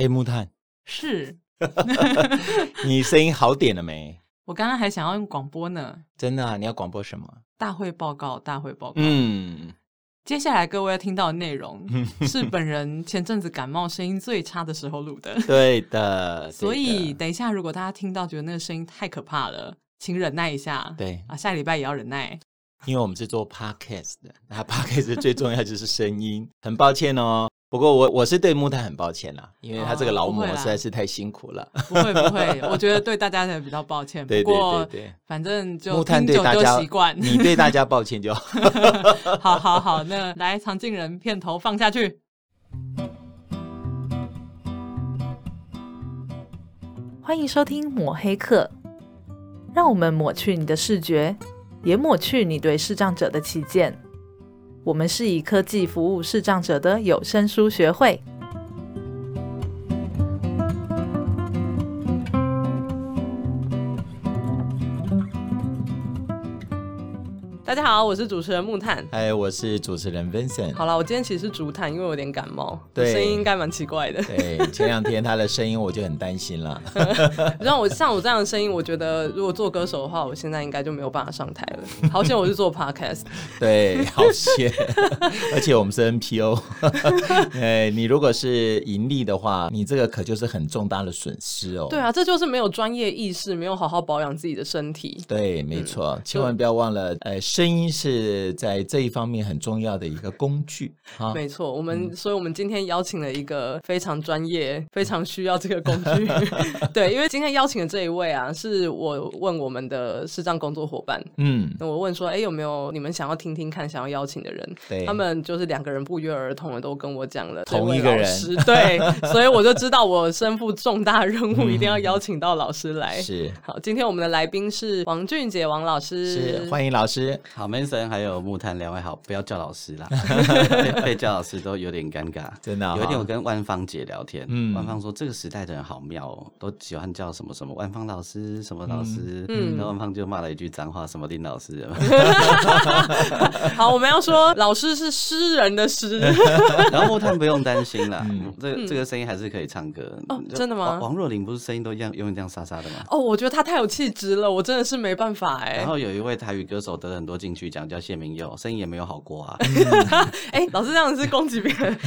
哎、欸，木炭是， 你聲音好點了沒？我剛剛還想要用廣播呢。真的，啊，你要廣播什麼？大會報告，大會報告。嗯，接下來各位要聽到的內容是本人前陣子感冒聲音最差的時候錄的。 對的，對的。所以等一下，如果大家聽到覺得那個聲音太可怕了，請忍耐一下。對啊，下禮拜也要忍耐，因為我們是做 podcast 的，那 podcast 的最重要就是聲音。很抱歉哦。不過我我是對木炭很抱歉啦，因為他這個勞模，哦、實在是太辛苦了。不會不會，我覺得對大家才比較抱歉。 對，對對對，不反正就，就木炭對大家習慣，你對大家抱歉就 好。好好好，那來長進人片頭放下去，歡迎收聽抹黑客，讓我們抹去你的視覺，也抹去你對視障者的歧見。我們是以科技服務視障者的有聲書學會。大家好，我是主持人木炭。哎，我是主持人 Vincent。好了，我今天其實是竹炭，因為我有點感冒，對，聲音應該蠻奇怪的。對，前兩天他的聲音我就很擔心了。讓 我像我這樣的聲音，我覺得如果做歌手的話，我現在應該就沒有辦法上台了。好險我是做 Podcast。 對，好險， 而且我們是 NPO。哎， 你如果是盈利的話，你這個可就是很重大的損失哦。對啊，這就是沒有專業意識，沒有好好保養自己的身體。對，沒錯，嗯、千萬不要忘了，哎。呃聲音是在這一方面很重要的一個工具。沒錯，我們、嗯、所以，我們今天邀請了一個非常專業、非常需要這個工具。 對，因為今天邀請的這一位啊，是我問我們的視障工作夥伴，嗯，我問說，哎，有沒有你們想要聽聽看、想要邀請的人？對，他們就是兩個人不約而同的都跟我講了同一個人，對， 所以我就知道我身負重大任務、嗯，一定要邀請到老師來。是，好，今天我們的來賓是王俊杰王老師。是，歡迎老師。好門神，Manson、還有木炭兩位好，不要叫老師啦 被，被叫老師都有點尷尬，真的、啊。有一天我跟萬芳姐聊天，嗯，萬芳說這個時代的人好妙哦，都喜歡叫什麼什麼萬芳老師，什麼老師，嗯，然後萬芳就罵了一句髒話，什麼林老師。嗯、 好，我們要說老師是詩人的詩。 然後木炭不用擔心啦，嗯、這這個聲音還是可以唱歌。嗯、真的嗎？王若琳不是聲音都一樣，永遠這樣沙沙的嗎？哦，我覺得她太有氣質了，我真的是沒辦法哎。然後有一位台語歌手得了很多。進去講叫謝明佑，生意也沒有好過啊。哎、 欸，老師這樣子是攻擊別人，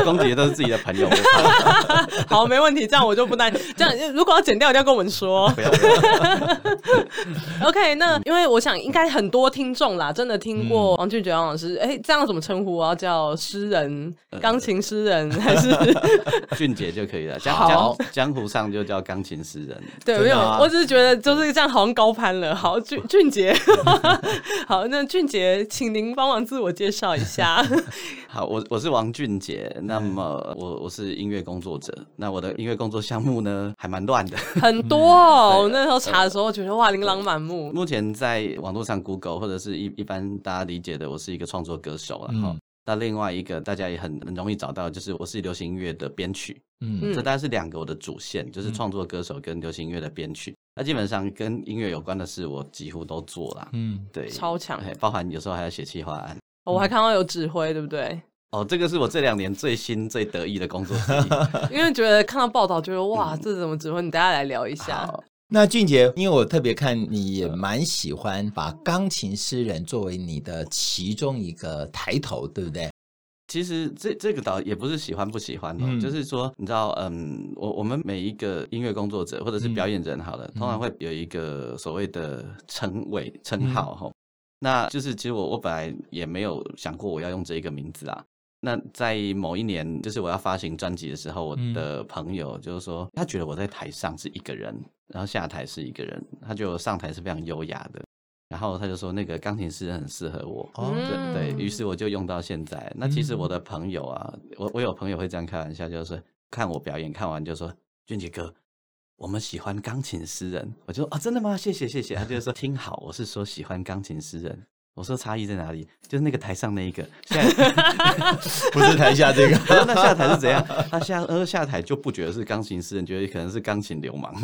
我 攻擊都是自己的朋友。 好，沒問題，這樣我就不帶。這樣如果要剪掉，一定要跟我們說。不要。OK，那因為我想應該很多聽眾啦，真的聽過王俊傑王老師。哎、嗯欸，這樣怎麼稱呼啊？叫詩人，鋼琴詩人還是 俊傑就可以了。好江，江湖上就叫鋼琴詩人。對，沒有，我只是覺得就是這樣好像高攀了，好俊俊傑。 好，那俊傑，請您幫忙自我介紹一下。 好，我我是王俊傑，那麼我我是音樂工作者。那我的音樂工作項目呢，還蠻亂的， 很多哦。我、 嗯、那時候查的時候，我覺得哇，琳琅滿目、嗯。目前在網絡上，Google 或者是一一般大家理解的，我是一個創作歌手了、啊、哈。嗯那另外一個大家也很容易找到，就是我是流行音樂的編曲，嗯，這大概是兩個我的主線，就是創作歌手跟流行音樂的編曲。那基本上跟音樂有關的事，我幾乎都做了，嗯，對，超強，包含有時候還要寫企劃案，哦，我還看到有指揮，嗯，對不對？哦，這個是我這兩年最新最得意的工作之一， 因為覺得看到報道，覺得哇，嗯，這是怎麼指揮？你等下來聊一下。那俊傑，因為我特別看你也蠻喜歡把鋼琴詩人作為你的其中一個抬頭，對不對？其實這這個倒也不是喜歡不喜歡哦，嗯、就是說你知道，嗯，我我們每一個音樂工作者或者是表演人好了、嗯，通常會有一個所謂的稱謂稱號哈、嗯。那就是其實我我本來也沒有想過我要用這一個名字啊。那在某一年，就是我要發行專輯的時候，我的朋友就是說，他覺得我在台上是一個人。然後下台是一個人，他就上台是非常優雅的。然後他就說那個鋼琴詩人很適合我，哦、對，嗯、對，於是我就用到現在。那其實我的朋友啊，嗯、我我有朋友會這樣開玩笑，就是說看我表演看完就說：“俊杰哥，我們喜歡鋼琴詩人。”我就啊、哦、真的嗎？謝謝謝謝。他就說聽好，我是說喜歡鋼琴詩人。我說差異在哪裡？就是那個台上那一個，現在 不是台下這個。 他說那下台是怎樣？他下呃下台就不覺得是鋼琴師，你覺得可能是鋼琴流氓。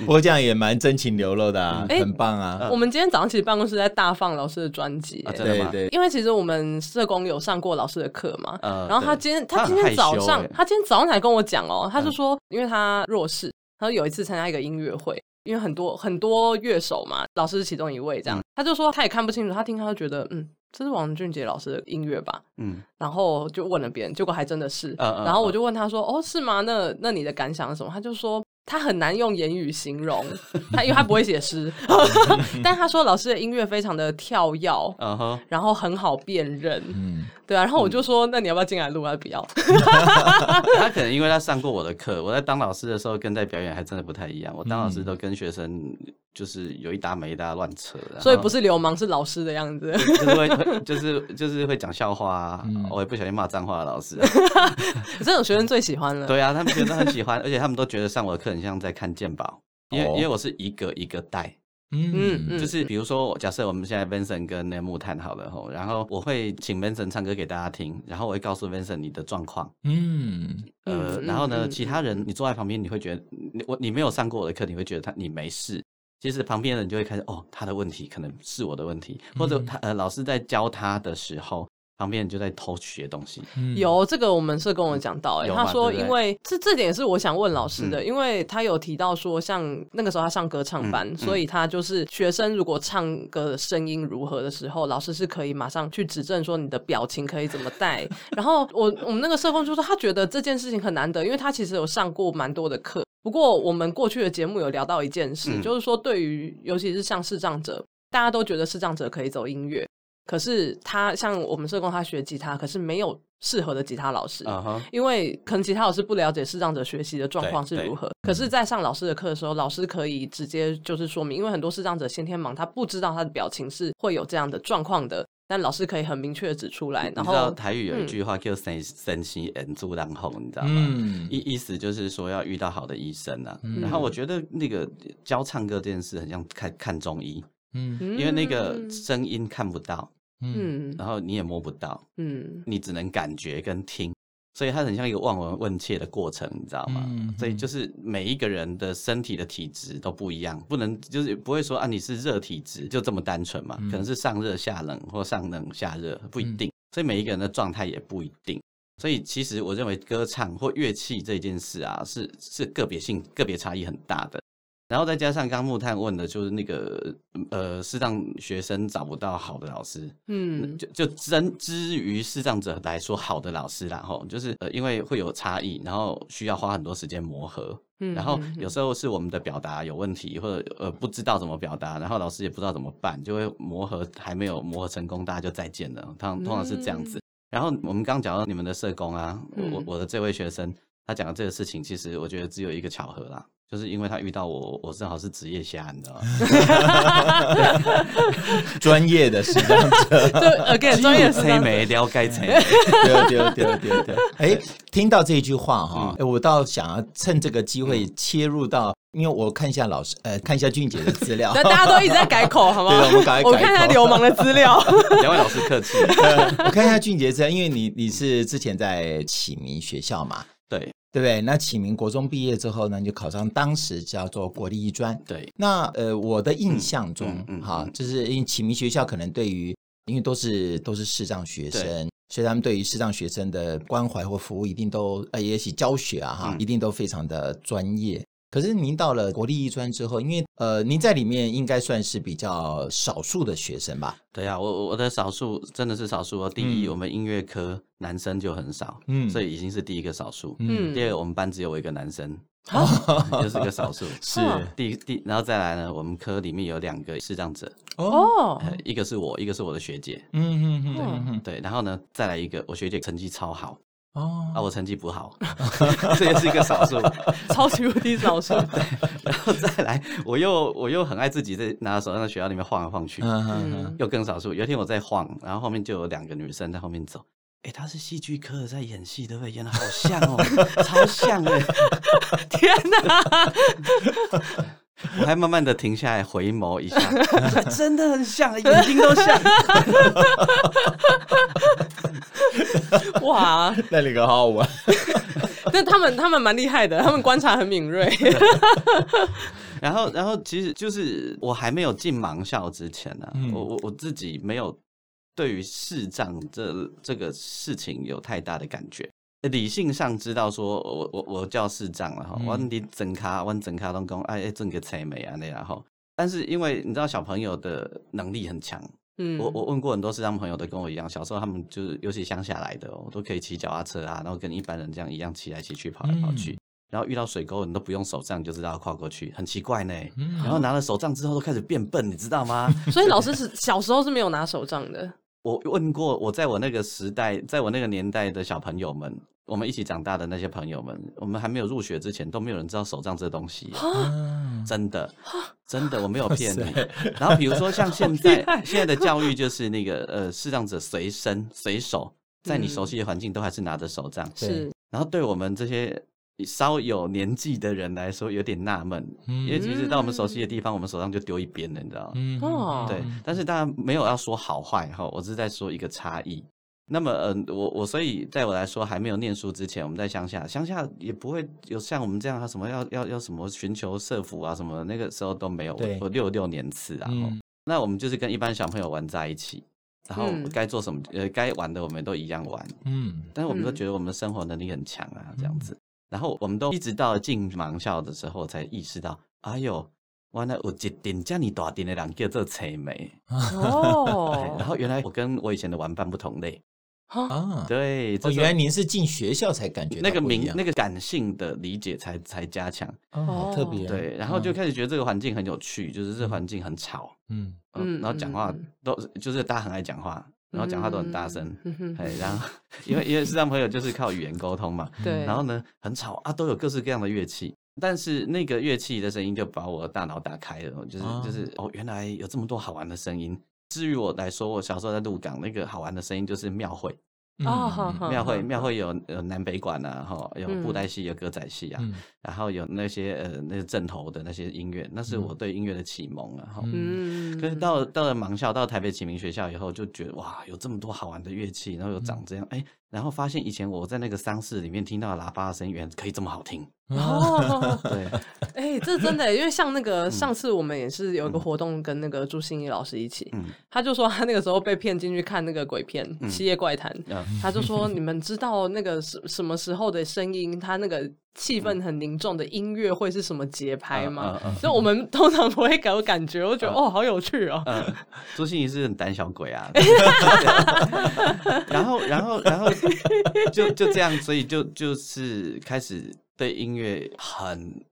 不 過 這樣也蠻真情流露的啊、欸，很棒啊！我們今天早上其實辦公室在大放老師的專輯、啊，真的嗎？對對對？因為其實我們社工有上過老師的課嘛、呃。然後他今天他，他今天早上他，他今天早上才跟我講哦、喔，他就說，因為他弱視，他說有一次參加一個音樂會。因為很多很多樂手嘛，老師其中一位，這樣他就說他也看不清楚，他聽他就覺得嗯，這是王俊杰老師的音樂吧，嗯，然後就問了別人，結果還真的是，啊啊啊啊，然後我就問他說，哦，是嗎？那那你的感想是什麼？他就說。他很難用言語形容他，因為他不會寫詩。 但他說老師的音樂非常的跳躍，Uh-huh. 然後很好辨認，嗯，對啊。然後我就說，嗯、那你要不要進來錄啊？不要。 他可能因為他上過我的課，我在當老師的時候跟在表演還真的不太一樣。我當老師都跟學生就是有一搭沒一搭亂扯，嗯，所以不是流氓是老師的樣子。 就，就是會，會就是就是會講笑話啊，我、嗯、也不小心罵髒話。老師、啊、 這種學生最喜歡了。 對啊，他們學生很喜歡，而且他們都覺得上我的課像在看鑑寶，因為因為我是一個一個帶，嗯嗯，就是比如說，假設我們現在 Vincent 跟那木炭好了吼，然後我會請 Vincent 唱歌給大家聽，然後我會告訴 Vincent 你的狀況，嗯呃，然後呢，其他人你坐在旁邊，你會覺得你我你沒有上過我的課，你會覺得他你沒事，其實旁邊的人就會開始哦，他的問題可能是我的問題，或者他呃老師在教他的時候。旁邊就在偷學東西有，有這個我們社工有講到、欸有，他說因為對對這這點是我想問老師的，嗯、因為他有提到說，像那個時候他上歌唱班、嗯，所以他就是學生如果唱歌的聲音如何的時候、嗯，老師是可以馬上去指正說你的表情可以怎麼帶。 然後我我們那個社工就說他覺得這件事情很難得，因為他其實有上過蠻多的課。不過我們過去的節目有聊到一件事，嗯、就是說對於尤其是像視障者，大家都覺得視障者可以走音樂。可是他像我們社工，他學吉他，可是沒有適合的吉他老師，uh -huh. 因為可能吉他老師不了解視障者學習的狀況是如何。可是，在上老師的課的時候、嗯，老師可以直接就是說明，因為很多視障者先天盲，他不知道他的表情是會有這樣的狀況的。但老師可以很明確的指出來。然後你知道然後台語有一句話、嗯、叫聲“先生緣，主人福”，你知道嗎？意、嗯、意思就是說要遇到好的醫生呢、啊嗯。然後我覺得那個教唱歌這件事很像看看中醫、嗯，因為那個聲音看不到。嗯，然後你也摸不到，嗯，你只能感覺跟聽，所以它很像一個望聞問切的過程，你知道嗎？嗯，嗯，所以就是每一個人的身體的體質都不一樣，不能就是不會說啊你是熱體質就這麼單純嘛、嗯，可能是上熱下冷或上冷下熱，不一定、嗯，所以每一個人的狀態也不一定，所以其實我認為歌唱或樂器這件事啊，是是個別性、個別差異很大的。然後再加上剛木炭問的，就是那個呃，視障學生找不到好的老師，嗯，就就針之,之於視障者來說，好的老師然後就是呃，因為會有差異，然後需要花很多時間磨合，嗯，然後有時候是我們的表達有問題，或者呃不知道怎麼表達，然後老師也不知道怎麼辦，就會磨合還沒有磨合成功，大家就再見了，通常,通常是這樣子。嗯。然後我們剛講到你們的社工啊，我我的這位學生他講的這個事情，其實我覺得只有一個巧合啦。就是因為他遇到我，我正好是職業下。你知道嗎？專 業的使用者， 就 OK，專業黑莓，了解，了對對對對對哎，欸、 聽到這一句話哈、嗯欸，我倒想要趁這個機會切入到、嗯，因為我看一下老師，呃，看一下俊傑的資料。那 大家都一直在改口，好嗎？對，我改口。我看一下流氓的資料。兩 位老師客氣， 我看一下俊傑的資料，因為你你是之前在啟明學校嘛。對，對不對？那啟明國中畢業之後呢，就考上當時叫做國立藝專。對，那呃，我的印象中，哈、嗯嗯嗯嗯，就是因為啟明學校可能對於，因為都是都是視障學生，所以他們對於視障學生的關懷或服務，一定都呃，也許教學啊，哈，嗯、一定都非常的專業。可是您到了國立藝專之後，因為呃，您在裡面應該算是比較少數的學生吧？對呀、啊，我我的少數真的是少數、嗯。第一，我們音樂科男生就很少，嗯，所以已經是第一個少數。嗯，第二，我們班只有一個男生，哦、嗯。就是個少數。哦、 是 第第，然後再來呢，我們科裡面有兩個視障者哦、呃，一個是我，一個是我的學姐。嗯嗯嗯，對對。然後呢，再來一個，我學姐成績超好。哦、oh.，啊，我成績不好，這也是一個少數， 超級無敵少數對。然後再來，我又我又很愛自己在拿手在學校裡面晃來、啊、晃去，uh -huh. 又更少數。有一天我在晃，然後後面就有兩個女生在後面走。哎，她是戲劇科在演戲，對不對？演的好像哦，超像哎！ 天哪！ 我還慢慢的停下來回眸一下，真的很像，眼睛都像。 哇， 那裡個好，好玩但 他們他們蠻厲害的，他們觀察很敏銳。 然後然後其實就是我還沒有進盲校之前呢、啊嗯，我我我自己沒有對於視障這這個事情有太大的感覺。理性上知道說我，我我我叫視障了哈、嗯，我你整卡，我整卡都公，哎，整個菜沒啊？那然後，但是因為你知道小朋友的能力很強，嗯，我我問過很多視障朋友都跟我一樣，小時候他們就是尤其鄉下來的、喔，哦，都可以騎腳踏車啊，然後跟一般人這樣一樣騎來騎去，跑來跑去，嗯、然後遇到水溝，你都不用手杖就知道跨過去，很奇怪呢、嗯。然後拿了手杖之後都開始變笨，你知道嗎？嗯、 所以老師是小時候是沒有拿手杖的。我問過，我在我那個時代，在我那個年代的小朋友們，我們一起長大的那些朋友們，我們還沒有入學之前，都沒有人知道手杖這個東西，真的，真的，我沒有騙你。然後比如說像現在，現在的教育就是那個呃，視障者隨身隨手，在你熟悉的環境都還是拿着手杖。是，然後對我們這些。稍有年紀的人來說，有點納悶、嗯，因為其實到我們熟悉的地方，我們手上就丟一邊了，你知道嗎、哦？對，但是當然沒有要說好壞哈，我只是在說一個差異。那麼，嗯、呃，我我所以在我來說還沒有念書之前，我們在鄉下，鄉下也不會有像我們這樣什麼要要要什麼尋求社福啊什麼，那個時候都沒有，對我六六年次啊、嗯，那我們就是跟一般小朋友玩在一起，然後該做什麼、嗯、呃該玩的我們都一樣玩，嗯，但是我們都覺得我們的生活能力很強啊、嗯，這樣子。然後我們都一直到進盲校的時候才意識到，哎呦，原來我有一這點叫你多點的兩個都才沒哦 對。然後原來我跟我以前的玩伴不同類啊。對，我、哦、原來您是進學校才感覺到那個名那個感性的理解才才加強哦，特、哦、別對。然後就開始覺得這個環境很有趣，就是這環境很吵，嗯嗯，然後講話都就是大家很愛講話。然後講話都很大聲，哎、嗯，然後因為因為視障朋友就是靠語言溝通嘛， 對。然後呢，很吵啊，都有各式各樣的樂器，但是那個樂器的聲音就把我的大腦打開了，就是、哦、就是哦，原來有這麼多好玩的聲音。至於我來說，我小時候在鹿港那個好玩的聲音就是廟會。哦、嗯，廟、嗯、會廟會有呃南北管吶，哈，有布袋戲，有歌仔戲啊、嗯，然後有那些呃那些、個、陣頭的那些音樂，那是我對音樂的啟蒙啊，哈、嗯。嗯，可是到了到了盲校，到了台北啟明學校以後，就覺得哇，有這麼多好玩的樂器，然後又長這樣，哎、嗯。欸然後發現以前我在那個喪事裡面聽到的喇叭的聲音，原來可以這麼好聽哦、啊。對，哎，這真的，因為像那個 上次我們也是有一個活動，跟那個朱心怡老師一起、嗯，他就說他那個時候被騙進去看那個鬼片《七、嗯、夜怪談》嗯，他就說你們知道那個什什麼時候的聲音， 他那個。氣氛很凝重的音樂會是什麼節拍嗎、嗯嗯嗯？所以我們通常不會給我感覺、嗯，我覺得、嗯、哦，好有趣哦。朱欣怡是很膽小鬼啊 然後，然後，然後就就這樣，所以就就是開始對音樂很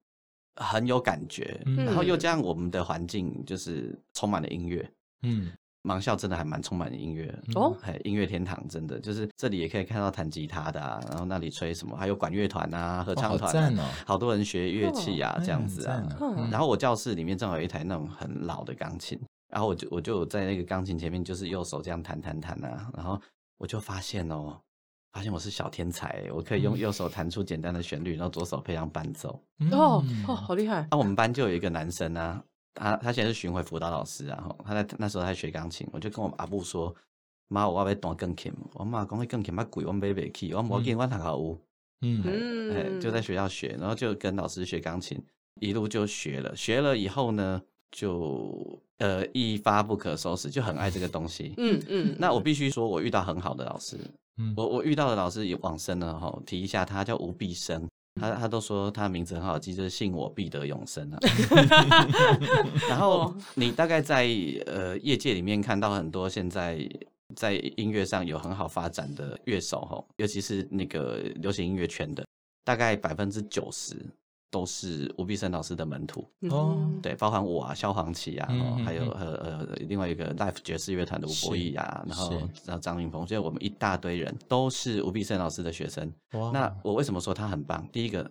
很有感覺、嗯，然後又這樣，我們的環境就是充滿了音樂。嗯。盲校真的還蠻充滿音樂哦，音樂天堂，真的就是這裡也可以看到彈吉他的啊，然後那裡吹什麼，還有管樂團啊、合唱團、哦哦，好讚哦，好多人學樂器啊、哦，這樣子啊、哎嗯。然後我教室裡面正好有一台那種很老的鋼琴，然後我就我就在那個鋼琴前面，就是右手這樣彈彈彈啊，然後我就發現哦，發現我是小天才，我可以用右手彈出簡單的旋律，然後左手配上伴奏。嗯、哦，哦，好厲害。那、啊、我們班就有一個男生啊。啊，他現在是巡迴輔導老師啊，哈，他在那時候在學鋼琴，我就跟我阿母說，媽，我要不要彈鋼琴？我媽講會鋼琴，那貴，我買不起。我 mugging 我他搞烏，嗯，嗯、哎哎、就在學校學，然後就跟老師學鋼琴，一路就學了，學了以後呢，就呃一發不可收拾，就很愛這個東西，嗯嗯。那我必須說我遇到很好的老師，嗯、我我遇到的老師也往生了哈，提一下他叫吳必生。他他都說他名字很好記，就是信我必得永生啊。然後你大概在呃業界裡面看到很多現在在音樂上有很好發展的樂手吼，尤其是那個流行音樂圈的，大概百分之九十。都是吳碧生老師的門徒哦，oh. 對，包含我啊，蕭煌奇啊，mm -hmm. 還有呃呃另外一個 life 爵士樂團的吳博義啊，然後然後張雲峰，所以我們一大堆人都是吳碧生老師的學生。Oh. 那我為什麼說他很棒？第一個，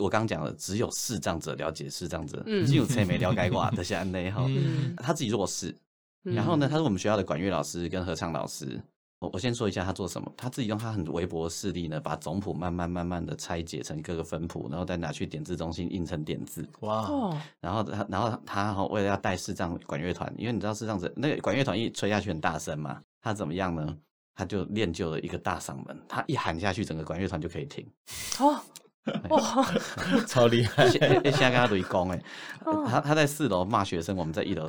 我剛剛講了，只有視障者了解視障者，嗯，有主沒了解過 是這些案例哈。哦 mm -hmm. 他自己弱視，然後呢，他是我們學校的管樂老師跟合唱老師。我我先說一下他做什麼，他自己用他很微薄的視力呢，把總譜慢慢慢慢的拆解成各個分譜，然後再拿去點字中心印成點字。哇！然後他然後他為了要帶市長管樂團，因為你知道市長子那個管樂團一吹下去很大聲嘛，他怎麼樣呢？他就練就了一個大嗓門，他一喊下去，整個管樂團就可以停。哦。哇 超厲害！哎，現在跟他對攻。哎，他他在四樓罵學生，我們在一樓。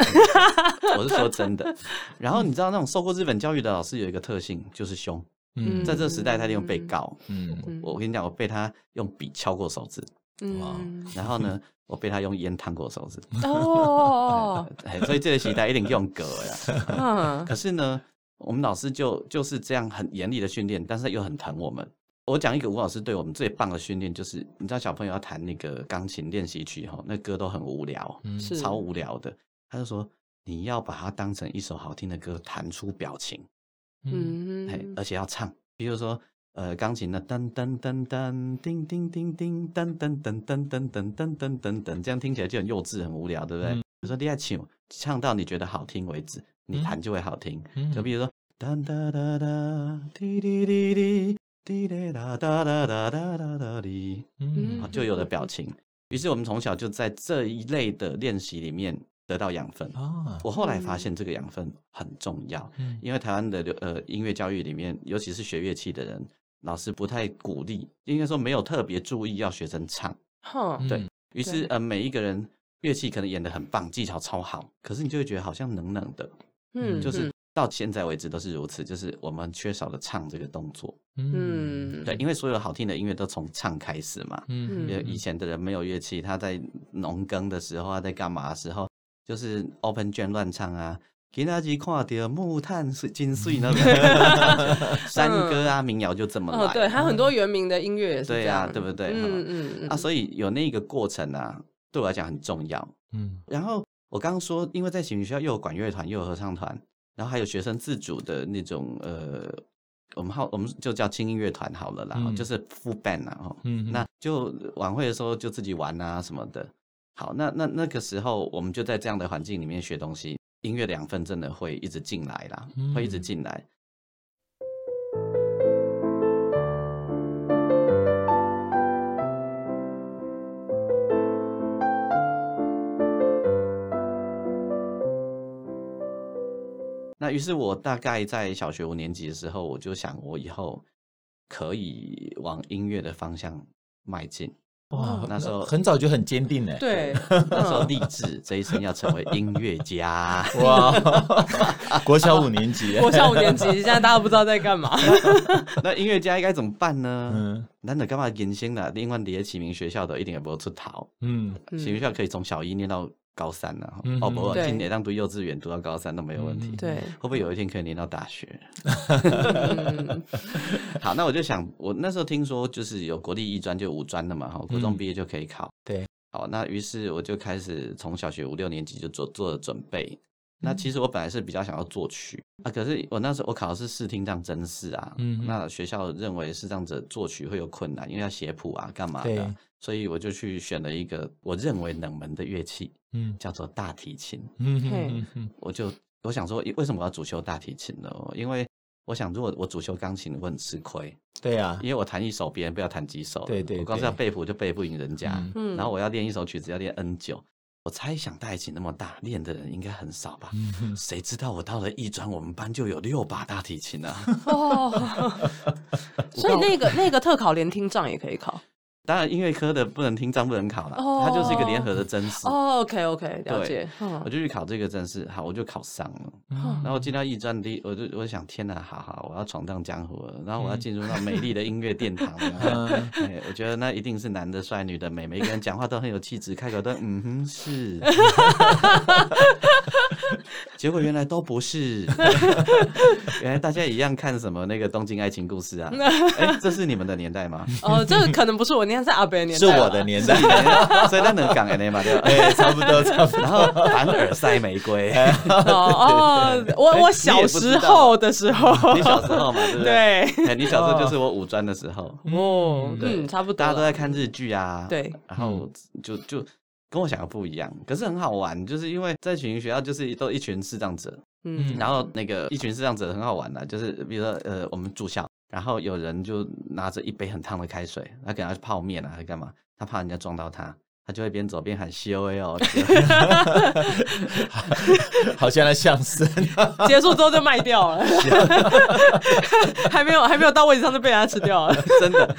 我是說真的。然後你知道那種受過日本教育的老師有一個特性，就是凶。嗯，在這個時代，他一定被告。嗯，我跟你講，我被他用筆敲過手指。嗯，然後呢，我被他用煙燙過手指。哦，所以這個時代一定用格了。可是呢，我們老師就就是這樣很嚴厲的訓練，但是又很疼我們。我講一個吳老師對我們最棒的訓練，就是你知道小朋友要彈那個鋼琴練習曲，哈，那歌都很無聊，是、嗯、超無聊的。他就說，你要把它當成一首好聽的歌彈出表情，嗯，哎，而且要唱，比如說，呃，鋼琴的噔噔噔噔，叮叮叮叮，噔噔噔噔噔噔噔噔噔噔，噔噔這樣聽起來就很幼稚，很無聊，對不對？你、嗯、說你愛唱唱到你覺得好聽為止，你彈就會好聽、嗯。就比如說，噠噠噠噠，滴滴滴滴。滴滴、 嗯，就有了表情。於是我們從小就在這一類的練習裡面得到養分、哦嗯、我後來發現這個養分很重要，嗯，因為台灣的呃音樂教育裡面，尤其是學樂器的人，老師不太鼓勵，應該說沒有特別注意要學生唱。哦、對、嗯、於是對呃每一個人樂器可能演得很棒，技巧超好，可是你就會覺得好像冷冷的，嗯，就是。到現在為止都是如此，就是我們缺少了唱這個動作。嗯，對，因為所有好聽的音樂都從唱開始嘛。嗯，因為以前的人沒有樂器，他在農耕的時候，他在幹嘛的時候，就是 open 卷亂唱啊。吉他機跨到木炭金碎那山歌啊，嗯、民謠就這麼來。哦、對，還、嗯、有很多原民的音樂也是這樣，對、啊、對不對？嗯嗯啊，所以有那個過程啊，對我來講很重要。嗯，然後我剛剛說，因為在行雲學校又有管樂團又有合唱團。然後還有學生自主的那種，呃，我們好，我們就叫輕音樂團好了啦，嗯、就是 full band 啊，哈、嗯，那就晚會的時候就自己玩啊什麼的。好，那那那個時候我們就在這樣的環境裡面學東西，音樂養分真的會一直進來啦，嗯、會一直進來。於是我大概在小學五年級的時候，我就想，我以後可以往音樂的方向邁進。哇，那時候那很早就很堅定了。對，那時候立志這一生要成為音樂家。哇，國小五年級，國小五年級， 年級現在大家不知道在幹嘛 那？那音樂家應該怎麼辦呢？嗯，難得幹嘛？迎新的另外你些啟明學校的一定也不會出逃。嗯，啟明學校可以從小一念到。高三了，啊嗯，哦不今年當讀幼稚園讀到高三都沒有問題，嗯。對，會不會有一天可以念到大學， 嗯？好，那我就想，我那時候聽說就是有國立藝專就有五專的嘛，哈，國中畢業就可以考。嗯，對，好，那於是我就開始從小學五六年級就做做了準備。那其實我本來是比較想要作曲啊，可是我那時候我考的是視聽障甄試啊，嗯,嗯，那學校認為是這樣子，作曲會有困難，因為要寫譜啊，幹嘛的，對，所以我就去選了一個我認為冷門的樂器，嗯，叫做大提琴。嗯哼哼，我就我想說，為什麼我要主修大提琴呢？因為我想如果我主修鋼琴，我很吃虧。對啊，因為我彈一首，別人不要彈幾首。對對,對對，我光是要背譜就背不贏人家。嗯，然後我要練一首曲子，要練 N 久。我猜想，大提琴那麼大練的人應該很少吧？誰、嗯、知道我到了藝專，我們班就有六把大提琴呢！啊！哦、 所以那個 那個特考連聽障也可以考。當然，音樂科的不能聽，張不能考了。他、oh, 就是一個聯合的甄試哦、oh,，OK OK，了解、嗯。我就去考這個甄試，好，我就考上了。嗯、然後進到藝專的，我就我想，天哪，好好，我要闖蕩江湖了。然後我要進入到美麗的音樂殿堂。嗯，然後 哎、我覺得那一定是男的帥，女的美， 每一個人講話都很有氣質， 開口都嗯哼，是。 結果原來都不是，原來大家一樣看什麼那個《東京愛情故事》啊？哎，這是你們的年代嗎？哦，這可能不是我年代，是阿伯年代，是我的年代，所以那能講 NBA 對吧對？差不多，差不多。然後凡爾賽玫瑰，哦，哦我我小時候的時候，你小時候嘛，對，哎，你小時候就是我五專的時候，哦，嗯，差不多，大家都在看日劇啊，對，然後就就。跟我想的不一樣，可是很好玩，就是因為在啟明學校就是都一群視障者，嗯，然後那個一群視障者很好玩的，啊，就是比如說呃我們住校，然後有人就拿着一杯很燙的開水來給他泡面啊，還是幹嘛？他怕人家撞到他。他就會邊走邊喊 “C O A O”，好像在相聲結束之後就賣掉了， 還沒有還沒有到位置上就被人家吃掉了， 真的，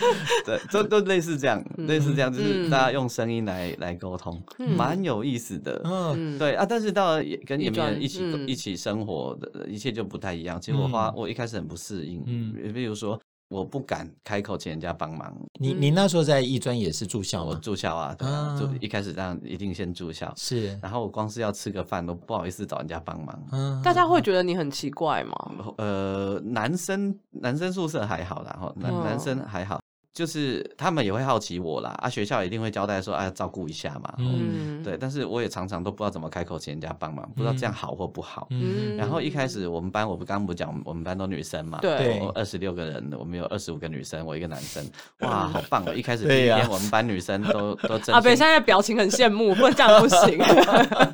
對，都都類似這樣、嗯，類似這樣就是大家用聲音來來溝通，蠻、嗯、有意思的，嗯，對啊，但是到了也跟你們一起、嗯、一起生活的，一切就不太一樣，結、嗯、果我我一開始很不適應，嗯，比如說。我不敢開口請人家幫忙。你你那時候在藝專也是住校嗎？嗯、我住校啊,對啊，就一開始這樣一定先住校。是，然後我光是要吃個飯都不好意思找人家幫忙、啊。大家會覺得你很奇怪嗎？呃，男生男生宿舍還好啦，然後、哦、男、哦、男生還好。就是他們也會好奇我啦，啊，學校一定會交代說，哎、啊，照顧一下嘛，嗯，對。但是我也常常都不知道怎麼開口請人家幫忙、嗯，不知道這樣好或不好。嗯。然後一開始我們班，我剛剛不剛剛不講，我們班都女生嘛，對，二十六個人，我們有二十五個女生，我一個男生，哇，好棒哦！一開始第一天，我們班女生都、 啊、都震驚，阿北現在表情很羨慕，不能這樣不行、啊。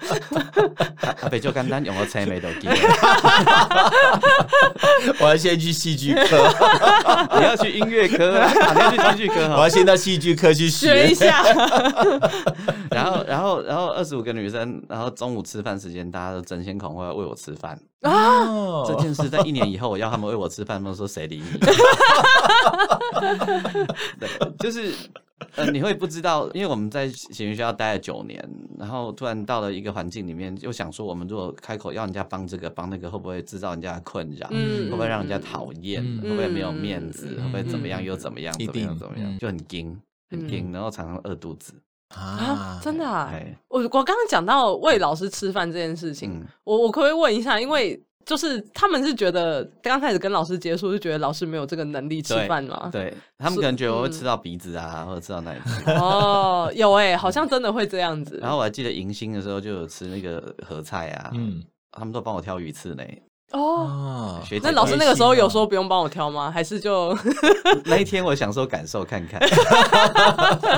阿北就剛剛用個吹沒鬥雞。 我要先去戲劇科， 你要去音樂科、啊。 我要先到戲劇科去學， 學一下。， 然後，然後，然後二十五個女生，然後中午吃飯時間，大家都爭先恐後要餵我吃飯。啊、oh, 這件事在一年以後，我要他們餵我吃飯，他們說誰理你？ 對，就是、呃、你會不知道，因為我們在咸云學校待了九年，然後突然到了一個環境裡面，又想說我們如果開口要人家幫這個幫那個，會不會制造人家的困擾、嗯？會不會讓人家討厭？嗯、會不會沒有面子、嗯？會不會怎麼樣又怎麼樣？一定要怎，怎麼樣？就很驚，很驚，嗯、然後常常餓肚子。啊，啊，真的啊！欸、我我剛剛講到餵老師吃飯這件事情，嗯、我我可不可以問一下？因為就是他們是覺得剛開始跟老師接觸，就覺得老師沒有這個能力吃飯嘛。對，對他們可能覺得我會吃到鼻子啊，嗯、或者吃到哪裡？哦，有誒、欸，好像真的會這樣子。 然後我還記得，迎新的時候就有吃那個盒菜啊，嗯，他們都幫我挑魚刺嘞。哦，學姐，那老師那個時候有說不用幫我挑嗎？還是就那一天我享受感受看看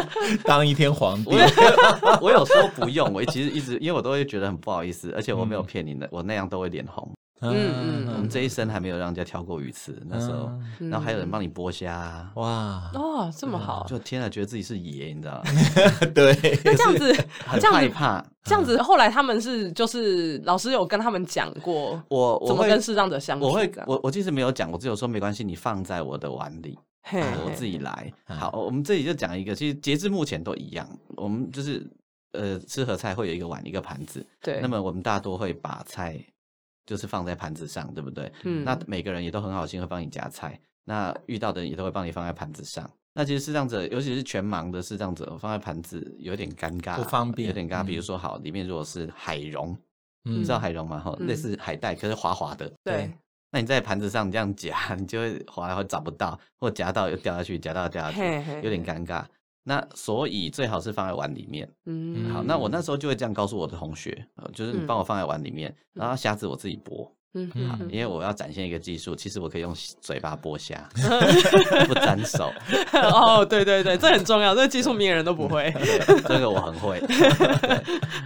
，當一天皇帝我。我有時候不用，我其實一直因為我都會覺得很不好意思，而且我沒有騙你的、嗯，我那樣都會臉紅。嗯嗯，嗯，我們這一生還沒有讓人家挑過魚刺、嗯，那時候，然後還有人幫你剝蝦、啊，哇哦，這麼好！就天啊，覺得自己是爺，你知道嗎？ 對。那這樣子，這樣子，這樣子，嗯、樣子後來他們是就是老師有跟他們講過，我我跟師長的相，我會關我會我，我，我其實沒有講，我只有說沒關係，你放在我的碗裡，嘿嘿我自己來、嗯。好，我們這裡就講一個，其實截至目前都一樣，我們就是呃吃合菜會有一個碗一個盤子，對。那麼我們大多會把菜。就是放在盤子上，對不對？嗯，那每個人也都很好心會幫你夾菜，那遇到的人也都會幫你放在盤子上。那其實是這樣子，尤其是全盲的是這樣子，哦、放在盤子有點尷尬，啊，不方便，有點尷尬。嗯。比如說好，裡面如果是海茸，嗯，你知道海茸嗎？哈，哦，類似海帶，可是滑滑的。嗯，對，對。那你在盤子上你這樣夾，你就會滑，或找不到，或夾到又掉下去，夾到又掉下去嘿嘿嘿，有點尷尬。那所以最好是放在碗裡面。嗯，好，那我那時候就會這樣告訴我的同學，就是你幫我放在碗裡面，嗯、然後蝦子我自己剝。嗯，好嗯，因為我要展現一個技術，其實我可以用嘴巴剝蝦， 不沾手。 哦，對對對，這很重要，這技術名人都不會。這個我很會。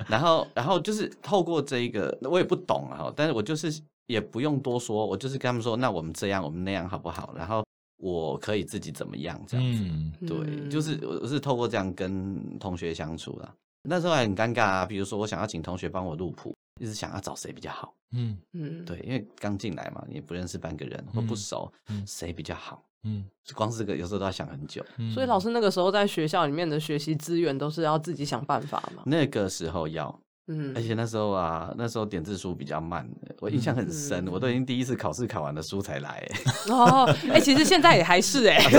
然後，然後就是透過這一個，我也不懂啊，但是我就是也不用多說，我就是跟他們說，那我們這樣，我們那樣，好不好？然後。我可以自己怎麼樣這樣子、嗯？對，就是我是透過這樣跟同學相處的、啊。那時候還很尷尬啊，比如說我想要請同學幫我錄譜，一、就、直、是、想要找誰比較好。嗯嗯，對，因為剛進來嘛，也不認識半個人，或不熟，誰、嗯、比較好？嗯，光是這個有時候都要想很久、嗯。所以老師那個時候在學校裡面的學習資源都是要自己想辦法嘛？那個時候要。而且那時候啊，那時候點字書比較慢，我印象很深。嗯嗯、我都已經第一次考試考完的書才來哎、欸哦欸，其實現在也還是哎、欸，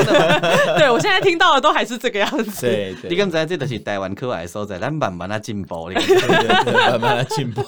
啊、 對我現在聽到的都還是這個樣子。對，對你剛才這都是台灣課改的時候在慢慢慢慢進步的，慢慢進步。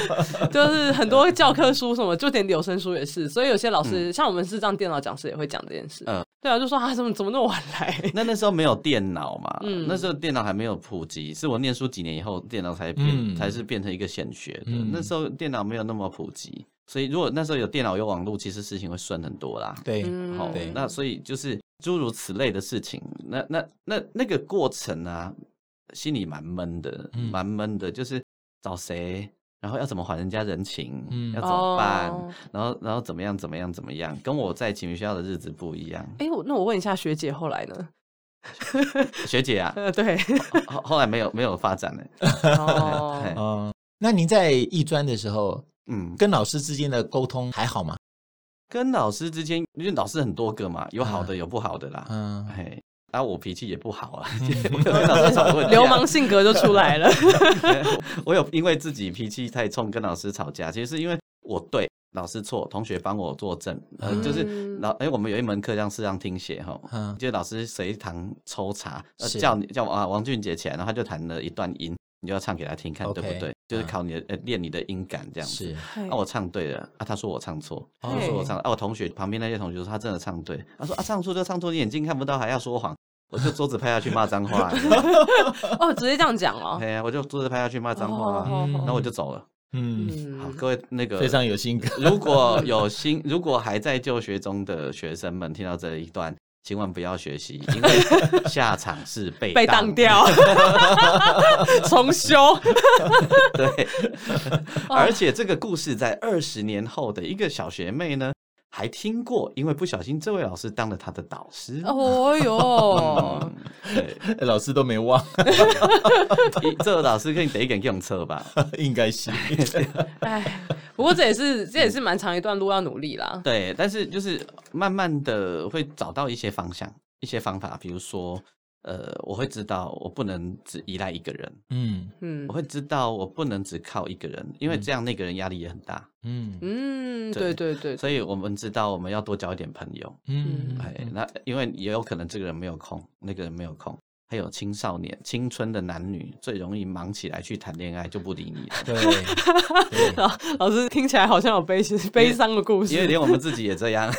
就是很多教科書什麼，就點點有聲書也是。所以有些老師，嗯、像我們視障電腦講師也會講這件事。嗯，對啊，就說啊，怎麼怎麼那麼晚來？那那時候沒有電腦嘛、嗯，那時候電腦還沒有普及，是我念書幾年以後電腦才變、嗯、才。是變成一個顯學的，嗯，那時候電腦沒有那麼普及，所以如果那時候有電腦有網絡，其實事情會順很多啦。對，好，那所以就是諸如此類的事情，那那那那個過程啊，心裡蠻悶的，蠻、嗯、悶的，就是找誰，然後要怎麼還人家人情、嗯，要怎麼辦，哦、然後然後怎麼樣怎麼樣怎麼樣，跟我在啟明學校的日子不一樣。哎、欸，我那我問一下學姐後來呢？學，學姐啊，呃、對，後後來沒有沒有發展了。哦，哦那您在藝專的時候，嗯，跟老師之間的溝通還好嗎？跟老師之間，因為老師很多個嘛，有好的有不好的啦。嗯，嘿，然、啊、後我脾氣也不好啊、嗯、 啊，流氓性格就出來了。 我有因為自己脾氣太衝跟老師吵架，其實是因為我對。老師錯，同學幫我作證。呃、嗯，就是老哎、欸，我們有一門課這樣，視唱聽寫哈。就是老師隨堂抽查，叫你叫王俊杰起來，然後他就彈了，了一段音，你就要唱給他聽看，看，okay, 對不對，嗯？就是考你的，呃、啊，練你的音感這樣子。是，那我唱對了，啊，他說我唱錯，他說我唱，啊，我同學旁邊那些同學說他真的唱對，他說啊，唱錯就唱錯，你眼睛看不到還要說謊，。 哦哦啊，我就桌子拍下去罵髒話。哦，直接這樣講哦。對啊，我就桌子拍下去罵髒話，然後我就走了。嗯，好，各位那個非常有性格。如果有心， 如果還在就學中的學生們聽到這一段，千萬不要學習，因為下場是被當 被當掉 重修。 對，而且這個故事在二十年後的一個小學妹呢，還聽過，因為不小心這位老師當了他的導師。哦呦， 欸、老師都沒忘。這位 老師肯定得給用車吧？ 應該該是。哎， 不過這也是這也是蠻長一段路要努力啦。 對，但是就是慢慢的會找到一些方向、一些方法，比如說。呃，我會知道我不能只依賴一個人，嗯嗯，我會知道我不能只靠一個人，嗯、因為這樣那個人壓力也很大，嗯嗯，對對對，對，所以我們知道我們要多交一點朋友，嗯，哎、嗯，那因為也有可能這個人沒有空，那個人沒有空。還有青少年、青春的男女最容易忙起來去談戀愛，就不理你了對。對，老,老師聽起來好像有悲情、悲傷的故事因。因為連我們自己也這樣。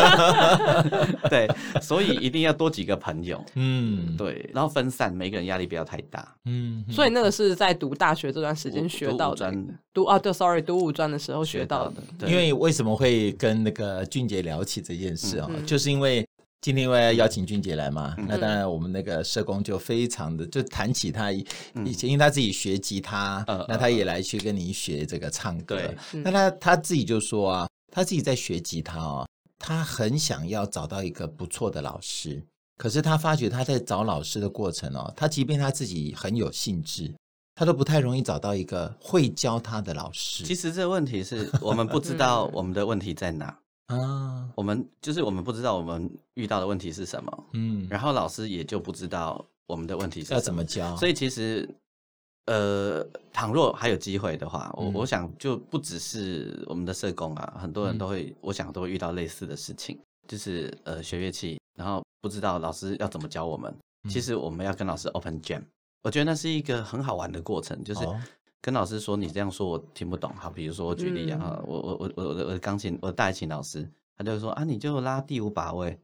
對，所以一定要多幾個朋友。嗯，對，然後分散每個人壓力不要太大嗯。嗯，所以那個是在讀大學這段時間學到的，讀啊、哦、對，sorry，讀五專的時候學到的,學的對。因為為什麼會跟那個俊杰聊起這件事啊、嗯？就是因為。今天因為要邀請俊傑來嘛、嗯，那當然我們那個社工就非常的就談起他、嗯、以前，因為他自己學吉他、嗯，那他也來去跟你學這個唱歌。嗯、那他他自己就說啊，他自己在學吉他哦，他很想要找到一個不錯的老師，可是他發覺他在找老師的過程哦，他即便他自己很有興致，他都不太容易找到一個會教他的老師。其實這個問題是我們不知道我們的問題在哪。 嗯啊，我們就是我們不知道我們遇到的問題是什麼，嗯，然後老師也就不知道我們的問題是什麼要怎麼教，所以其實，呃，倘若還有機會的話，我、嗯、我想就不只是我們的社工啊，很多人都會，嗯、我想都會遇到類似的事情，就是呃學樂器，然後不知道老師要怎麼教我們、嗯，其實我們要跟老師 open jam，我覺得那是一個很好玩的過程，就是，哦跟老師說，你這樣說我聽不懂。好，比如說我舉例啊、嗯，我我我的鋼我我鋼琴我的大提琴老師，他就會說啊，你就拉第五把位，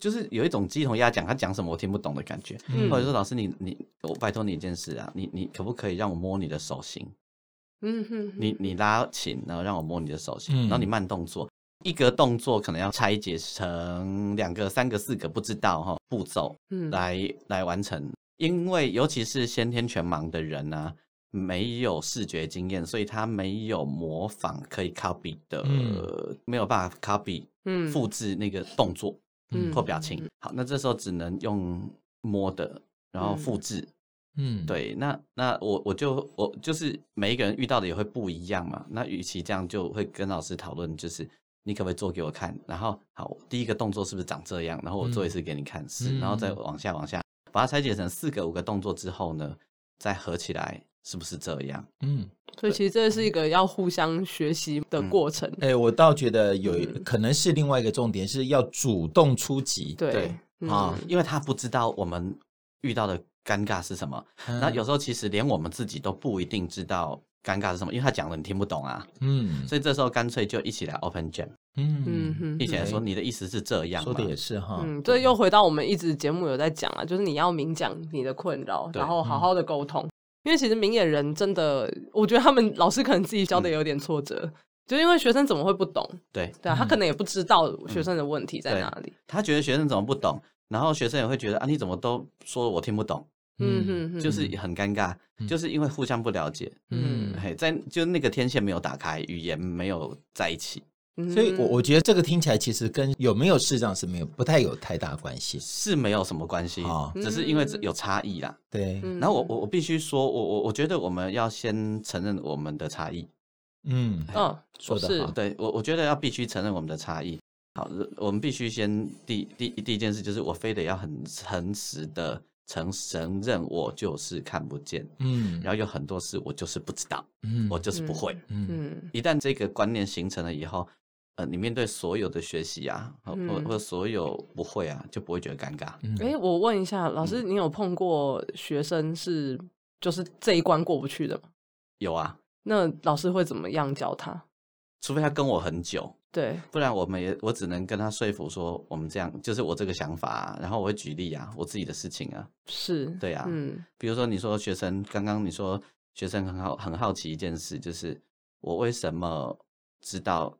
就是有一種雞同鴨講，他講什麼我聽不懂的感覺。嗯、或者說老師，你你我拜托你一件事啊，你你可不可以讓我摸你的手心？嗯嗯，你你拉琴，然後讓我摸你的手心，然後你慢動作，嗯、一個動作可能要拆解成兩個、三個、四個，不知道哈步驟，嗯，來來完成，因為尤其是先天全盲的人啊。沒有視覺經驗，所以他沒有模仿可以 copy 的、嗯，沒有辦法 copy，嗯，複製那個動作，嗯，或表情、嗯。好，那這時候只能用摸的，然後複製，嗯，對。那那我我就我就是每一個人遇到的也會不一樣嘛。那與其這樣，就會跟老師討論，就是你可不可以做給我看？然後好，第一個動作是不是長這樣？然後我做一次給你看、嗯，是，然後再往下往下，把它拆解成四個五個動作之後呢，再合起來。是不是這樣？嗯，所以其實這是一個要互相學習的過程。哎、嗯欸，我倒覺得有可能是另外一個重點，嗯、是要主動出擊。對啊、哦嗯，因為他不知道我們遇到的尷尬是什麼，那、嗯、有時候其實連我們自己都不一定知道尷尬是什麼，因為他講的你聽不懂啊。嗯，所以這時候乾脆就一起來 open jam 嗯嗯，一起來說你的意思是這樣，說的也是哈。嗯。這又回到我們一直節目有在講啊，就是你要明講你的困擾，然後好好的溝通。嗯因為其實明眼人真的，我覺得他們老師可能自己教的也有點挫折，嗯、就是、因為學生怎麼會不懂？對對啊，他可能也不知道學生的問題在哪裡。嗯嗯、他覺得學生怎麼不懂，然後學生也會覺得啊，你怎麼都說我聽不懂？嗯哼，就是很尷尬、嗯，就是因為互相不了解。嗯，嘿，在就那個天線沒有打開，語言沒有在一起。所以，我我覺得這個聽起來其實跟有沒有視障是沒有不太有太大關係，是沒有什麼關係啊、哦，只是因為有差異啦。對，嗯、然後我我我必須說，我我我覺得我們要先承認我們的差異。嗯嗯、哎哦，說得好。我是對我我覺得要必須承認我們的差異。好，我們必須先第第第一件事就是，我非得要很誠實的承承認我就是看不見。嗯，然後有很多事我就是不知道，嗯，我就是不會。嗯，嗯一旦這個觀念形成了以後，呃，你面對所有的學習啊，嗯、或或所有不會啊，就不會覺得尷尬。誒，我問一下老師，你有碰過學生是就是這一關過不去的嗎？有啊，那老師會怎麼樣教他？除非他跟我很久，嗯、對，不然我們也，我只能跟他說服說我們這樣，就是我這個想法啊，然後我會舉例啊，我自己的事情啊，是，對啊。嗯，比如說你說學生剛剛你說學生很好很好奇一件事，就是我為什麼知道。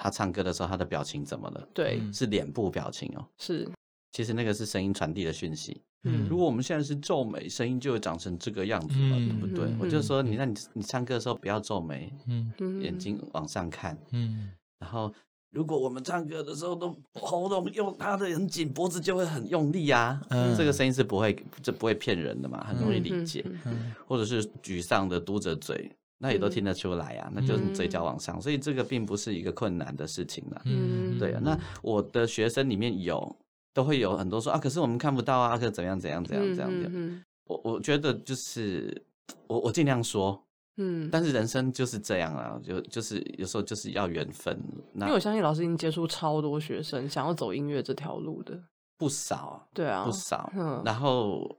他唱歌的時候，他的表情怎麼了？對，是臉部表情哦。是，其實那個是聲音傳遞的訊息。嗯，如果我們現在是皺眉，聲音就會長成這個樣子嘛、嗯，對不對、嗯？我就說，你讓你你唱歌的時候不要皺眉，嗯，眼睛往上看，嗯，然後如果我們唱歌的時候都喉嚨又拉得很緊，脖子就會很用力啊，嗯、這個聲音是不會這不會騙人的嘛，很容易理解。嗯嗯、或者是沮喪的嘟着嘴。那也都聽得出來呀、啊嗯，那就是你嘴角往上、嗯，所以這個並不是一個困難的事情了、啊。嗯，對嗯。那我的學生裡面有都會有很多說啊，可是我們看不到啊，可是怎樣怎樣怎樣怎樣怎樣、怎樣、嗯嗯嗯。我我覺得就是我我盡量說，嗯，但是人生就是這樣啊，就就是有時候就是要緣分那。因為我相信老師已經接觸超多學生想要走音樂這條路的不少，對啊，不少。然後、嗯、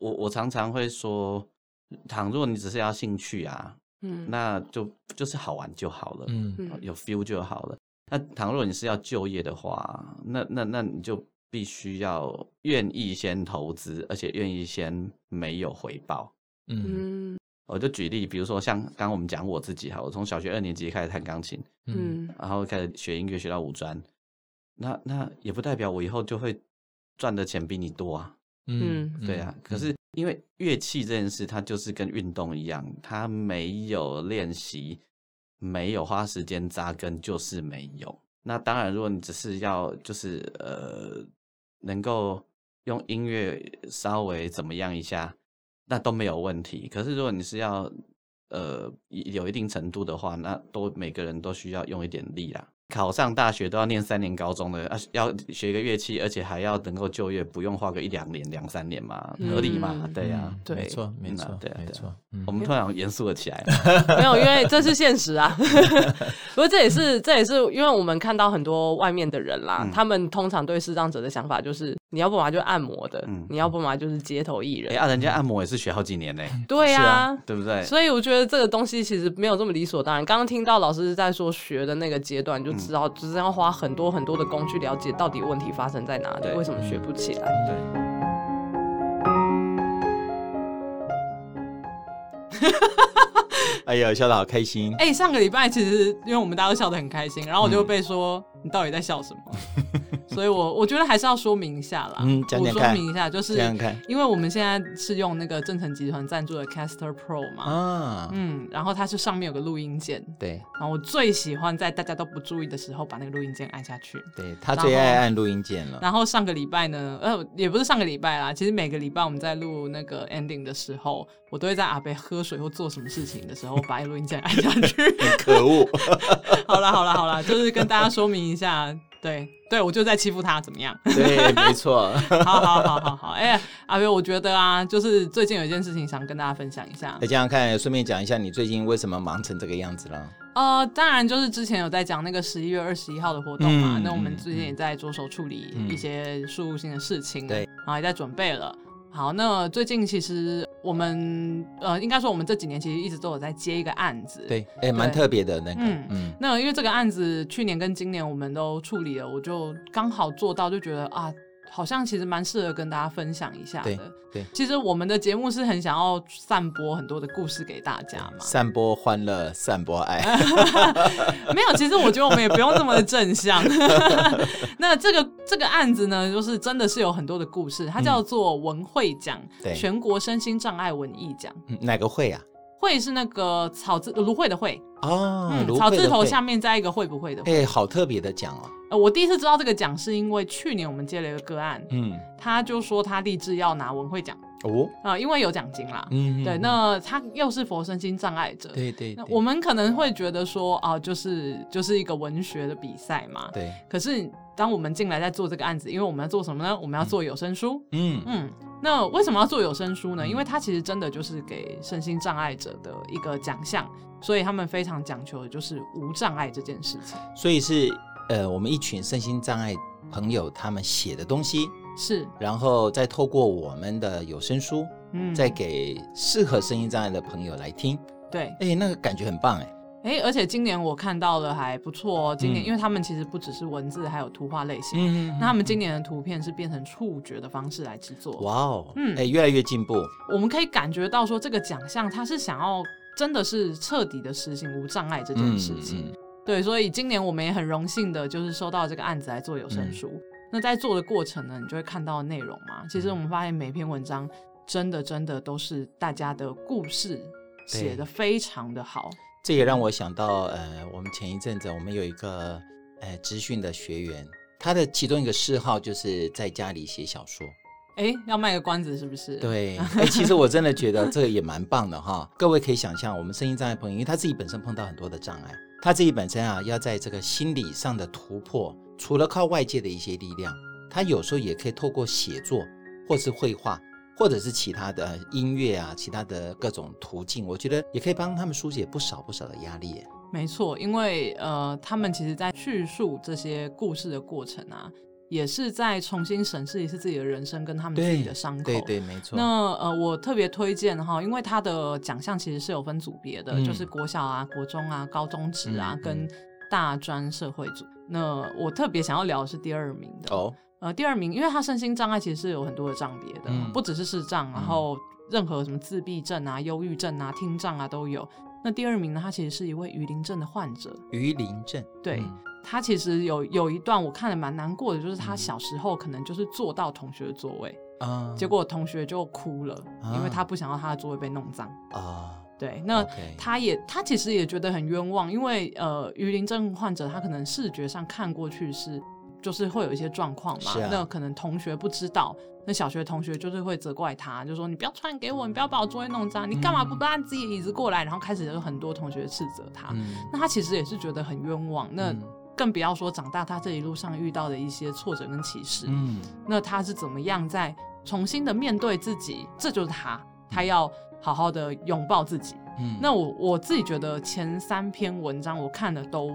我我常常會說，倘若你只是要興趣啊。嗯， 那就就是好玩就好了，嗯，有 feel 就好了。那倘若你是要就業的話，那那那你就必須要願意先投資，而且願意先沒有回報。嗯，我就舉例，比如說像剛剛我們講我自己，好，我從小學二年級開始彈鋼琴，嗯，然後開始學音樂學到五專，那那也不代表我以後就會賺的錢比你多啊。嗯，對啊、嗯，可是因為樂器這件事，它就是跟運動一樣，它沒有練習，沒有花時間扎根，就是沒有。那當然，如果你只是要就是呃，能夠用音樂稍微怎麼樣一下，那都沒有問題。可是如果你是要呃有一定程度的話，那都每個人都需要用一點力啦。考上大學都要念三年高中的要、啊、要學一個樂器，而且還要能夠就業，不用花個一兩年、兩三年嘛、嗯，合理嘛？對呀、啊嗯，對，沒錯，沒錯，對，沒錯、啊。我們突然嚴肅了起來。沒有， 因為這是現實啊。 不過這也是，這也是，因為我們看到很多外面的人啦，嗯、他們通常對視障者的想法就是。你要不然就按摩的，嗯、你要不然就是街頭藝人。哎、欸，啊，人家按摩也是學好幾年呢、欸。對呀、啊啊，對不對？所以我覺得這個東西其實沒有這麼理所當然。剛剛聽到老師在說學的那個階段，就知道、嗯、就是要花很多很多的功夫去了解到底問題發生在哪裡、嗯，為什麼學不起來。對。 哎呦，笑得好開心。哎、欸，上個禮拜其實因為我們大家都笑得很開心，然後我就被說、嗯、你到底在笑什麼？ 所以我，我我覺得還是要說明一下啦。嗯，講講看。我說明一下就是因為我們現在是用那個正成集團贊助的 Caster Pro 嘛。啊。嗯。然後它是上面有個錄音鍵。對。然後我最喜歡在大家都不注意的時候把那個錄音鍵按下去。對。他最愛按錄音鍵了。然後，然後上個禮拜呢，呃，也不是上個禮拜啦，其實每個禮拜我們在錄那個 ending 的時候，我都會在阿貝喝水或做什麼事情的時候把錄音鍵按下去。 很可惡。 好啦好啦好啦，就是跟大家說明一下。對對，我就在欺負他，怎麼樣？對， 沒錯。好，好，好，好，好，好，好。哎，阿彪，我覺得啊，就是最近有一件事情想跟大家分享一下。那這樣看,順便講一下你最近為什麼忙成這個樣子了？呃，當然就是之前有在講那個十一月二十一號的活動嘛，嗯，那我們最近也在着手處理一些事務性的事情，對、嗯，啊，也在準備了。好，那最近其實。我們呃，應該說我們這幾年其實一直都有在接一個案子，對，哎、欸，蠻特別的那個，嗯，嗯，那因為這個案子去年跟今年我們都處理了，我就剛好做到，就覺得啊。好像其實蠻適合跟大家分享一下的，對。對，其實我們的節目是很想要散播很多的故事給大家嘛，散播歡樂，散播愛。 沒有，其實我覺得我們也不用這麼的正向。 那這個這個案子呢，就是真的是有很多的故事，它叫做文薈獎、嗯、全國身心障礙文藝獎、嗯。哪個薈啊？薈是那個草字蘆薈的薈哦、嗯、蘆薈的薈，草字頭下面再一個會不會的會。哎，好特別的獎哦。我第一次知道這個獎，是因為去年我們接了一個個案，嗯，他就說他立志要拿文薈獎哦、啊、呃，因為有獎金啦，嗯、嗯，對。那他又是佛身心障礙者，對、對、對、對。那我們可能會覺得說啊、呃，就是就是一個文學的比賽嘛，對。可是當我們進來在做這個案子，因為我們要做什麼呢？我們要做有聲書，嗯嗯。那為什麼要做有聲書呢？嗯、因為它其實真的就是給身心障礙者的一個獎項，所以他們非常講求的就是無障礙這件事情，所以是。.呃，我們一群身心障礙朋友他們寫的東西是，然後再透過我們的有聲書，嗯，再給適合身心障礙的朋友來聽。對，哎、欸，那個感覺很棒。哎、欸，哎、欸，而且今年我看到的還不錯哦、喔。今年、嗯，因為他們其實不只是文字，還有圖畫類型。嗯，嗯嗯。那他們今年的圖片是變成觸覺的方式來制作。哇哦，嗯，哎、欸，越來越進步。我們可以感覺到說，這個獎項它是想要真的是徹底的實行無障礙這件事情。嗯嗯。對，所以今年我們也很榮幸地，就是收到了這個案子來做有聲書，嗯。那在做的過程呢，你就會看到的內容嘛。其實我們發現每篇文章真的真的都是大家的故事，寫得非常的好。這也讓我想到，呃，我們前一陣子我們有一個呃資訊的學員，他的其中一個嗜好就是在家裡寫小說。誒，要賣個關子是不是？對， 其實我真的覺得這個也蠻棒的哈。各位可以想象，我們聲音障礙朋友，因為他自己本身碰到很多的障礙。他自己本身啊，要在這個心理上的突破，除了靠外界的一些力量，他有時候也可以透過寫作，或是繪畫，或者是其他的音樂啊，其他的各種途徑，我覺得也可以幫他們紓解不少不少的壓力。沒錯，因為呃，他們其實在敘述這些故事的過程啊，也是在重新審視一次自己的人生跟他們自己的傷口。對，對對，沒錯。那呃，我特別推薦哈，因為他的獎項其實是有分組別的，嗯、就是國小啊、國中啊、高中職啊、嗯嗯、跟大專社會組。那我特別想要聊的是第二名的哦。呃，第二名，因為他身心障礙其實是有很多的障別的，嗯、不只是視障，然後任何什麼自閉症啊、憂鬱症啊、聽障啊都有。那第二名呢，他其實是一位魚鱗症的患者。魚鱗症，對。嗯他其實有有一段我看得蠻難過的，就是他小時候可能就是坐到同學的座位，嗯、結果同學就哭了，嗯，因為他不想要他的座位被弄髒，嗯、對，那、okay. 他也他其實也覺得很冤枉，因為呃，魚鱗症患者他可能視覺上看過去是就是會有一些狀況嘛是、啊，那可能同學不知道，那小學同學就是會責怪他，就說你不要傳給我，你不要把我座位弄髒，你幹嘛不搬自己椅子過來？然後開始有很多同學斥責他，嗯、那他其實也是覺得很冤枉那。嗯更不要說長大，他這一路上遇到的一些挫折跟歧視，嗯，那他是怎麼樣在重新的面對自己？這就是他，他要好好的擁抱自己。嗯，那我我自己覺得前三篇文章我看的都。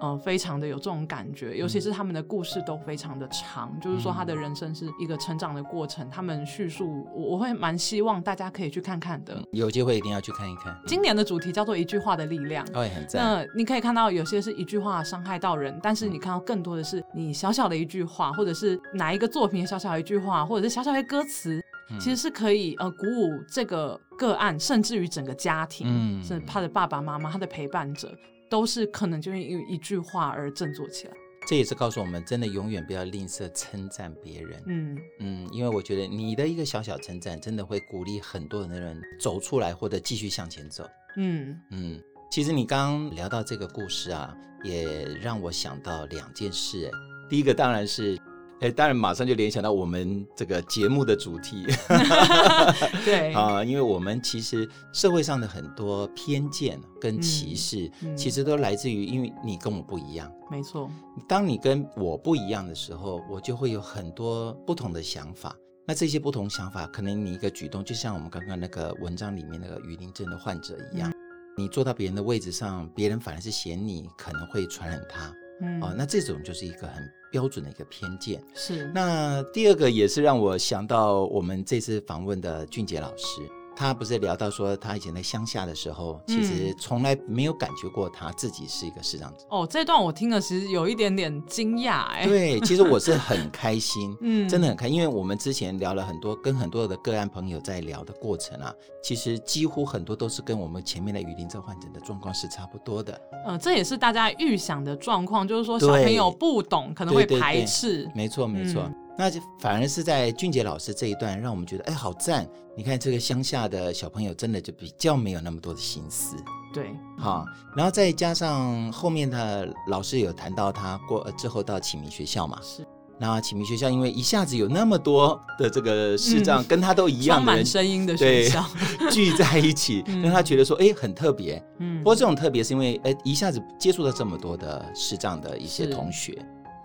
嗯、呃，非常的有這種感覺，尤其是他們的故事都非常的長，嗯、就是說他的人生是一個成長的過程。嗯、他們敘述，我我會蠻希望大家可以去看看的，有機會一定要去看一看、嗯。今年的主題叫做一句話的力量，對，很讚。那你可以看到有些是一句話傷害到人、嗯，但是你看到更多的是你小小的一句話，或者是哪一個作品小小的一句話，或者是小小的一歌詞、嗯，其實是可以呃鼓舞這個個案，甚至於整個家庭、嗯，是他的爸爸媽媽，他的陪伴者。都是可能就是因為一句話而振作起來，這也是告訴我們，真的永遠不要吝嗇稱讚別人。嗯嗯，因為我覺得你的一個小小稱讚，真的會鼓勵很多的人走出來或者繼續向前走。嗯嗯，其實你剛剛聊到這個故事啊，也讓我想到兩件事。第一個當然是。哎、欸，當然馬上就聯想到我們這個節目的主題。 對啊、嗯嗯，因為我們其實社會上的很多偏見跟歧視，其實都來自於因為你跟我不一樣。沒錯，當你跟我不一樣的時候，我就會有很多不同的想法。那這些不同的想法，可能你一個舉動，就像我們剛剛那個文章裡面那個魚鱗症的患者一樣，嗯、你坐到別人的位置上，別人反而是嫌你，可能會傳染他。嗯，啊、哦，那這種就是一個很標準的一個偏見，是。那第二個也是讓我想到我們這次訪問的俊傑老師。他不是聊到說，他以前在鄉下的時候，嗯、其實從來沒有感覺過他自己是一個視障者。哦，這段我聽了，其實有一點點驚訝哎。對，其實我是很開心， 嗯，真的很開心，因為我們之前聊了很多，跟很多的個案朋友在聊的過程啊，其實幾乎很多都是跟我們前面的魚鱗症患者的狀況是差不多的。嗯、呃，這也是大家預想的狀況，就是說小朋友不懂，可能會排斥。沒錯，沒錯。沒那就反而是在俊杰老師這一段，讓我們覺得哎、欸，好讚！你看這個鄉下的小朋友，真的就比較沒有那麼多的心思。對，好，然後再加上後面的老師有談到他過之後到啟明學校嘛，是。那啟明學校因為一下子有那麼多的這個視障、嗯，跟他都一樣的聲音的學校對 聚在一起、嗯，讓他覺得說哎、欸、很特別、嗯。不過這種特別是因為哎、呃、一下子接觸了這麼多的視障的一些同學。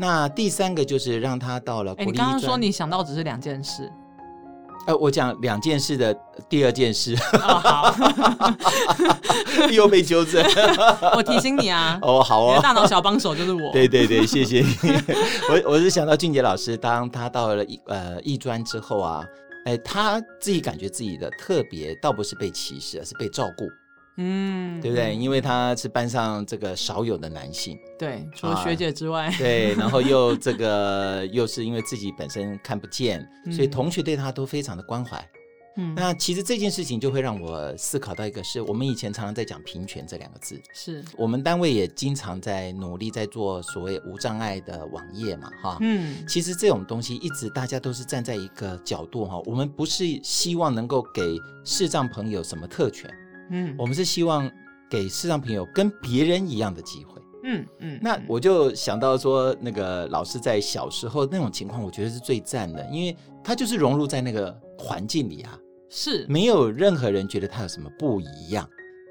那第三個就是讓他到了國、欸。你剛剛說你想到只是兩件事。呃，我講兩件事的第二件事。 哦、好 又被糾正。 我提醒你啊。哦，好啊。你的大腦小幫手就是我。對對對，謝謝你。 我我是想到俊傑老師，當他到了藝呃藝專之後啊，哎、呃，他自己感覺自己的特別，倒不是被歧視，而是被照顧。嗯，對不對？因為他是班上這個少有的男性，對，除了學姐之外，啊、對，然後又這個 又是因為自己本身看不見，所以同學對他都非常的關懷。嗯，那其實這件事情就會讓我思考到一個事，我們以前常常在講平權這兩個字，是，我們單位也經常在努力在做所謂無障礙的網頁嘛，哈，嗯，其實這種東西一直大家都是站在一個角度哈，我們不是希望能夠給視障朋友什麼特權。嗯，我們是希望給視障朋友跟別人一樣的機會。嗯嗯，那我就想到說，那個老師在小時候那種情況，我覺得是最讚的，因為他就是融入在那個環境裡啊，是沒有任何人覺得他有什麼不一樣。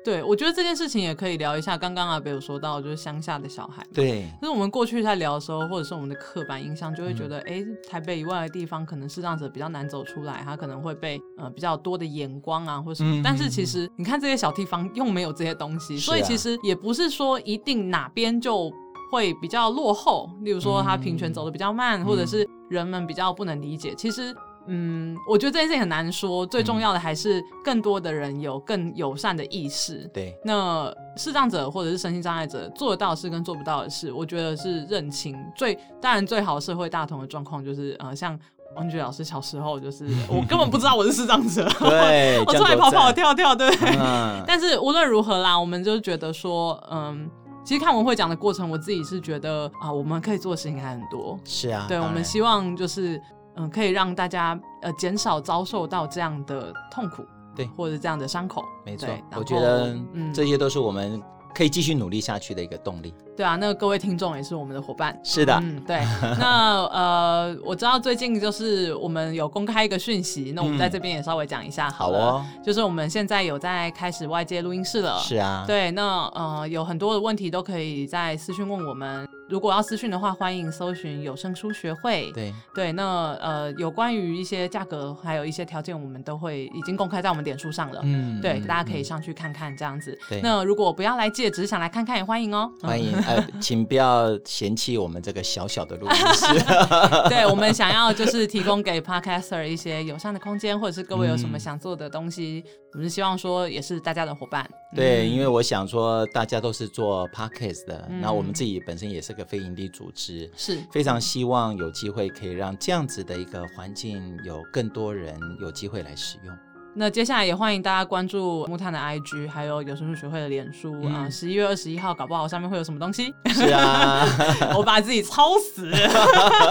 對，我覺得這件事情也可以聊一下。剛剛阿伯有說到，就是鄉下的小孩，對，就是我們過去在聊的時候，或者是我們的刻板印象，就會覺得，哎、嗯，台北以外的地方可能是這樣子，比較難走出來，他可能會被呃比較多的眼光啊，或什麼、嗯嗯嗯嗯。但是其實你看這些小地方又沒有這些東西，啊，所以其實也不是說一定哪邊就會比較落後。例如說他平權走得比較慢嗯嗯，或者是人們比較不能理解，其實。嗯，我覺得這件事情很難說，最重要的還是更多的人有更友善的意識。對，那視障者或者是身心障礙者做得到的事跟做不到的事，我覺得是認清最當然最好的社會大同的狀況就是，呃，像王俊傑老師小時候就是 我根本不知道我是視障者， 對 我出來跑跑跳跳。對，嗯啊、但是無論如何啦，我們就覺得說，嗯，其實看文會講的過程，我自己是覺得啊、呃，我們可以做的事情還很多。是啊，對，我們希望就是。嗯，可以讓大家呃減少遭受到這樣的痛苦，對，或者這樣的傷口，沒錯。我覺得這些都是我們可以繼續努力下去的一個動力。嗯、對啊，那個、各位聽眾也是我們的伙伴，是的，嗯，對。 那呃，我知道最近就是我們有公開一個訊息，那我們在這邊也稍微講一下好了、嗯，好、哦。就是我們現在有在開始外接錄音室了，是啊。對，那呃，有很多的問題都可以在私訊問我們。如果要私訊的話，歡迎搜尋有聲書學會。對對，那呃，有關於一些價格，還有一些條件，我們都會已經公開在我們點數上了。嗯，對，大家可以上去看看這樣子。對，那如果不要來借，只是想來看看也歡迎哦、嗯。歡迎，呃，請不要嫌棄我們這個小小的錄音室。 對，我們想要就是提供給 Podcaster 一些友善的空間，或者是各位有什麼想做的東西。嗯我們是希望說也是大家的夥伴，對，嗯、因為我想說大家都是做 Podcast 的，那、嗯、我們自己本身也是個非營利組織，是非常希望有機會可以讓這樣子的一個環境有更多人有機會來使用。那接下來也歡迎大家關注木炭的 IG，還有有聲書學會的臉書啊，十、嗯、一、呃、月二十一號搞不好上面會有什麼東西。是啊， 我把自己操死。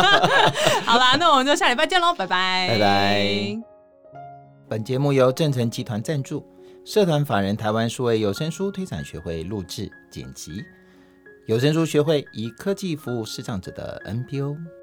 好啦，那我們就下禮拜見嘍，拜拜，拜拜。本節目由正成集團贊助，社團法人台灣數位有聲書推展學會錄製剪輯，有聲書學會以科技服務視障者的 NPO。